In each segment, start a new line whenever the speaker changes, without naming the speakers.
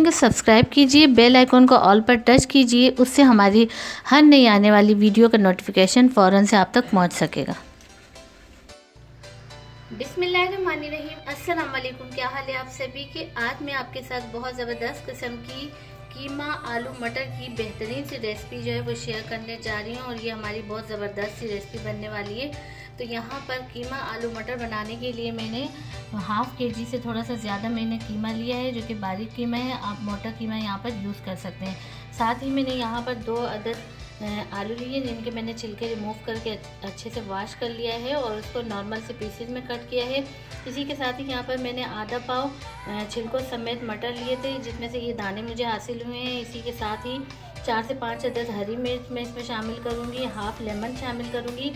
channel को subscribe कीजिए bell icon को ऑल पर टच कीजिए उससे हमारी हर नई आने वाली वीडियो का नोटिफिकेशन फौरन से आप तक पहुंच सकेगा अस्सलाम वालेकुम क्या हाल है आप सभी के आज मैं आपके साथ बहुत ज़बरदस्त किस्म की कीमा आलू मटर की बेहतरीन सी रेसिपी जो है वो शेयर करने जा रही हूँ और ये हमारी बहुत ज़बरदस्त सी रेसिपी बनने वाली है तो यहाँ पर कीमा आलू मटर बनाने के लिए मैंने हाफ़ के जी से थोड़ा सा ज़्यादा मैंने कीमा लिया है जो कि बारीक कीमा है आप मोटा कीमा यहाँ पर यूज़ कर सकते हैं साथ ही मैंने यहाँ पर दो अदद आलू लिए जिनके मैंने छिलके रिमूव करके अच्छे से वॉश कर लिया है और उसको नॉर्मल से पीसेज में कट किया है इसी के साथ ही यहाँ पर मैंने आधा पाव छिलकों समेत मटर लिए थे जिसमें से ये दाने मुझे हासिल हुए हैं इसी के साथ ही चार से पाँच अदद हरी मिर्च मैं इसमें शामिल करूँगी हाफ़ लेमन शामिल करूँगी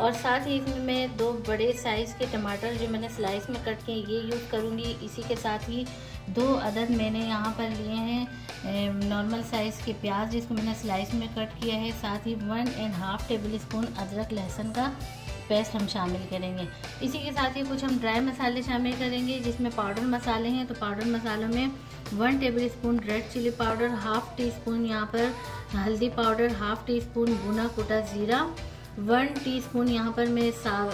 और साथ ही इसमें मैं दो बड़े साइज़ के टमाटर जो मैंने स्लाइस में कट किए ये यूज़ करूँगी इसी के साथ ही दो अदद मैंने यहाँ पर लिए हैं नॉर्मल साइज़ के प्याज जिसको मैंने स्लाइस में कट किया है साथ ही one and half tablespoon अदरक लहसुन का पेस्ट हम शामिल करेंगे इसी के साथ ही कुछ हम ड्राई मसाले शामिल करेंगे जिसमें पाउडर मसाले हैं तो पाउडर मसालों में one tablespoon red chilli powder half teaspoon यहाँ पर हल्दी पाउडर हाफ़ टी स्पून भुना कुटा ज़ीरा वन टीस्पून यहाँ पर मैं सा,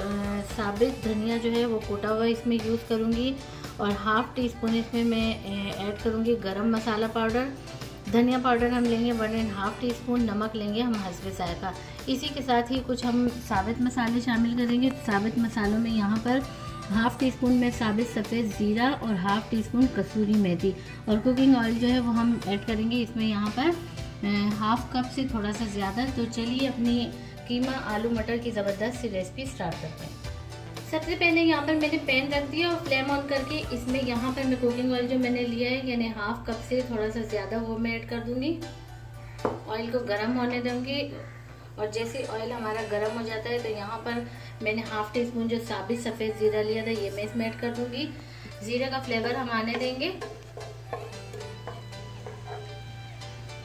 साबित धनिया जो है वो कोटा हुआ इसमें यूज़ करूँगी और हाफ़ टी स्पून इसमें मैं ऐड करूँगी गरम मसाला पाउडर धनिया पाउडर हम लेंगे one and half teaspoon नमक लेंगे हम हंसबे जायका इसी के साथ ही कुछ हम साबित मसाले शामिल करेंगे साबित मसालों में यहाँ पर हाफ़ टी स्पून में साबित सफ़ेद ज़ीरा और हाफ़ टी स्पून कसूरी मेथी और कुकिंग ऑयल जो है वो हम ऐड करेंगे इसमें यहाँ पर हाफ़ कप से थोड़ा सा ज़्यादा तो चलिए अपनी कीमा आलू मटर की ज़बरदस्त सी रेसिपी स्टार्ट करते हैं सबसे पहले यहाँ पर मैंने पैन रख दिया और फ्लेम ऑन करके इसमें यहाँ पर मैं कुकिंग ऑयल जो मैंने लिया है यानी हाफ कप से थोड़ा सा ज़्यादा वो मैं ऐड कर दूँगी ऑयल को गर्म होने दूँगी और जैसे ऑयल हमारा गर्म हो जाता है तो यहाँ पर मैंने हाफ टी स्पून जो साबित सफ़ेद ज़ीरा लिया था ये मैं इसमें ऐड कर दूँगी ज़ीरा का फ्लेवर हम आने देंगे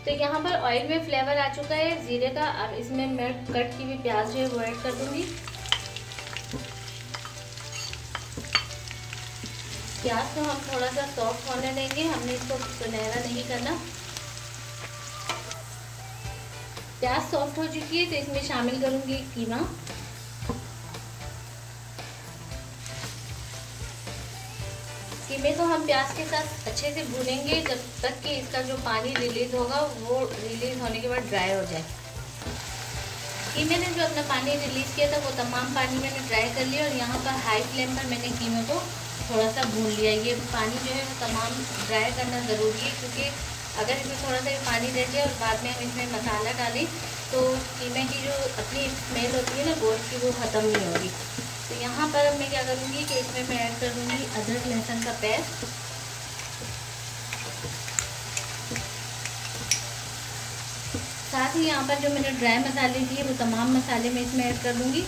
तो यहाँ पर ऑयल में फ्लेवर आ चुका है ज़ीरे का अब इसमें मैं कट की हुई प्याज जो है वो ऐड कर दूंगी प्याज को हम थोड़ा सा सॉफ्ट होने देंगे हमने इसको सुनहरा नहीं करना प्याज सॉफ्ट हो चुकी है तो इसमें शामिल करूंगी कीमा में तो हम प्याज के साथ अच्छे से भूनेंगे जब तक कि इसका जो पानी रिलीज होगा वो रिलीज होने के बाद ड्राई हो जाए कीमे ने जो अपना पानी रिलीज़ किया था वो तमाम पानी मैंने ड्राई कर लिया और यहाँ पर हाई फ्लेम पर मैंने कीमे को तो थोड़ा सा भून लिया ये पानी जो है वो तमाम ड्राई करना ज़रूरी है क्योंकि अगर इसमें थोड़ा सा पानी रह जाए और बाद में हम इसमें मसाला डालें तो कीमे की जो अपनी स्मेल होती है ना गोश्त की वो ख़त्म नहीं होगी तो यहाँ पर अब मैं क्या करूँगी कि इसमें मैं ऐड कर दूँगी अदरक लहसुन का पेस्ट साथ ही यहाँ पर जो मैंने ड्राई मसाले दिए वो तमाम मसाले मैं इसमें ऐड कर दूँगी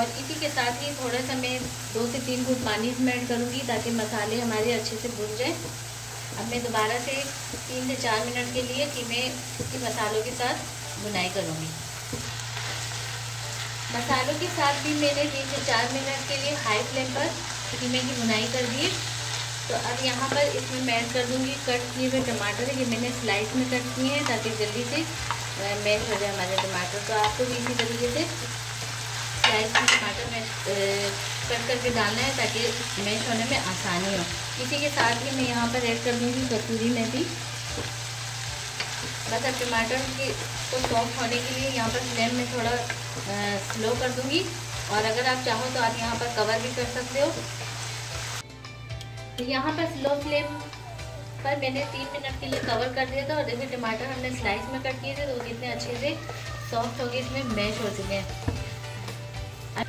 और इसी के साथ ही थोड़ा सा मैं दो से तीन घूट पानी इसमें ऐड करूँगी ताकि मसाले हमारे अच्छे से भुन जाए अब मैं दोबारा से तीन से चार मिनट के लिए कि मैं इसके मसालों के साथ बुनाई करूँगी मसालों के साथ भी मैंने तीन से चार मिनट के लिए हाई फ्लेम पर धीमे की बुनाई कर दी तो अब यहाँ पर इसमें मैश कर दूँगी कट किए हुए टमाटर ये मैंने स्लाइस में कट किए हैं ताकि जल्दी से मैश हो जाए हमारे टमाटर तो आपको भी इसी तरीके से स्लाइस में टमाटर मैश कट करके डालना है ताकि मैश होने में आसानी हो इसी के साथ ही मैं यहाँ पर ऐड कर दूँगी कसूरी में भी बस अब टमाटर की को सॉफ्ट होने के लिए यहाँ पर फ्लेम में थोड़ा स्लो कर दूँगी और अगर आप चाहो तो आप यहाँ पर कवर भी कर सकते हो तो यहाँ पर स्लो फ्लेम पर मैंने तीन मिनट के लिए कवर कर दिया था और जैसे टमाटर हमने स्लाइस में कट किए थे तो कितने अच्छे से सॉफ्ट हो गए इसमें मैश हो चुके हैं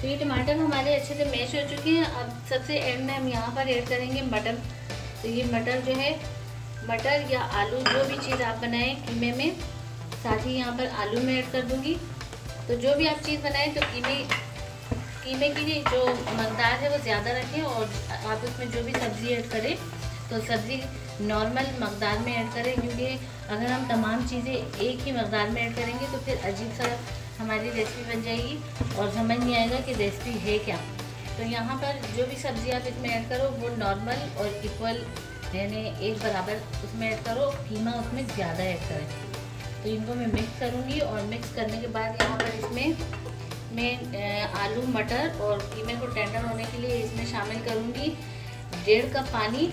तो ये टमाटर हमारे अच्छे से मैश हो चुके हैं अब सबसे एंड में हम यहाँ पर ऐड करेंगे मटर तो ये मटर जो है मटर या आलू जो भी चीज़ आप बनाएं कीमे में साथ ही यहाँ पर आलू में ऐड कर दूँगी तो जो भी आप चीज़ बनाएं तो कीमे कीमे की जो मकदार है वो ज़्यादा रखें और आप उसमें जो भी सब्ज़ी ऐड करें तो सब्ज़ी नॉर्मल मकदार में ऐड करें क्योंकि अगर हम तमाम चीज़ें एक ही मकदार में ऐड करेंगे तो फिर अजीब सा हमारी रेसिपी बन जाएगी और समझ नहीं आएगा कि रेसिपी है क्या तो यहाँ पर जो भी सब्ज़ी आप इसमें ऐड करो वो नॉर्मल और इक्वल यानी एक बराबर उसमें ऐड करो कीमा उसमें ज़्यादा ऐड करें तो इनको मैं मिक्स करूँगी और मिक्स करने के बाद यहाँ पर इसमें मैं आलू मटर और कीमे को टेंडर होने के लिए इसमें शामिल करूँगी डेढ़ कप पानी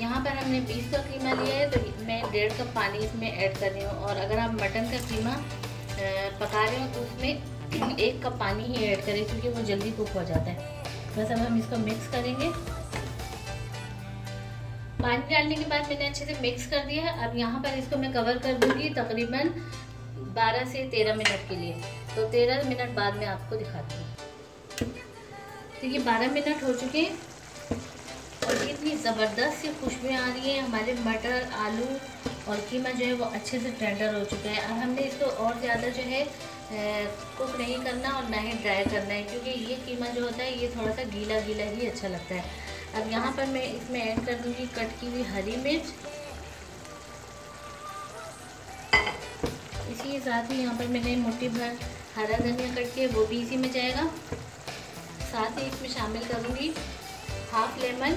यहाँ पर हमने बीस का कीमा लिया है तो मैं डेढ़ कप पानी इसमें ऐड कर रही हूँ और अगर आप मटन का कीमा पका रहे हो तो उसमें एक कप पानी ही ऐड करें क्योंकि वो जल्दी कुक हो जाता है बस अब हम इसको मिक्स करेंगे पानी डालने के बाद मैंने अच्छे से मिक्स कर दिया है अब यहाँ पर इसको मैं कवर कर दूंगी तकरीबन 12 से 13 मिनट के लिए तो 13 मिनट बाद में आपको दिखाती हूँ तो ये 12 मिनट हो चुके हैं और इतनी ज़बरदस्त सी खुशबू आ रही है हमारे मटर आलू और कीमा जो है वो अच्छे से टेंडर हो चुका है और हमने इसको और ज़्यादा जो है कुक नहीं करना और ना ही ड्राई करना है क्योंकि ये कीमा जो होता है ये थोड़ा सा गीला गीला ही अच्छा लगता है अब यहाँ पर मैं इसमें ऐड कर दूँगी कट की हुई हरी मिर्च इसी के साथ ही यहाँ पर मैंने मोटी भर हरा धनिया कट किया वो भी इसी में जाएगा साथ ही इसमें शामिल करूँगी हाफ लेमन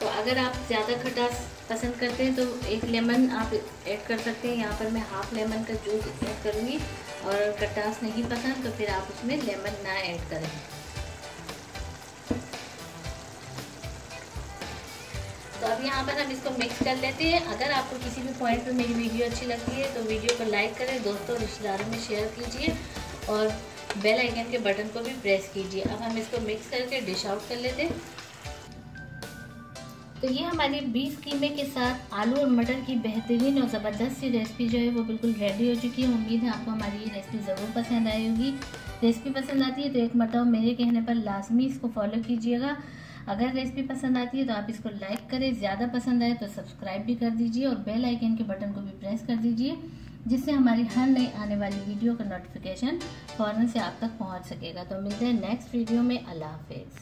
तो अगर आप ज़्यादा खटास पसंद करते हैं तो एक लेमन आप ऐड कर सकते हैं यहाँ पर मैं हाफ़ लेमन का जूस ऐड करूँगी और खटास नहीं पसंद तो फिर आप उसमें लेमन ना ऐड करें तो अब यहाँ पर हम इसको मिक्स कर लेते हैं अगर आपको किसी भी पॉइंट पर मेरी वीडियो अच्छी लगती है तो वीडियो को लाइक करें दोस्तों रिश्तेदारों में शेयर कीजिए और बेल आइकन के बटन को भी प्रेस कीजिए अब हम इसको मिक्स करके डिश आउट कर लेते हैं तो ये हमारी बीस कीमे के साथ आलू और मटर की बेहतरीन और ज़बरदस्त सी रेसिपी जो है वो बिल्कुल रेडी हो चुकी है उम्मीद है आपको हमारी ये रेसिपी ज़रूर पसंद आई होगी रेसिपी पसंद आती है तो एक मतलब मेरे कहने पर लाजमी इसको फॉलो कीजिएगा अगर रेसिपी पसंद आती है तो आप इसको लाइक करें ज़्यादा पसंद आए तो सब्सक्राइब भी कर दीजिए और बेल आइकन के बटन को भी प्रेस कर दीजिए जिससे हमारी हर नई आने वाली वीडियो का नोटिफिकेशन फ़ौरन से आप तक पहुंच सकेगा तो मिलते हैं नेक्स्ट वीडियो में अल्लाह हाफिज़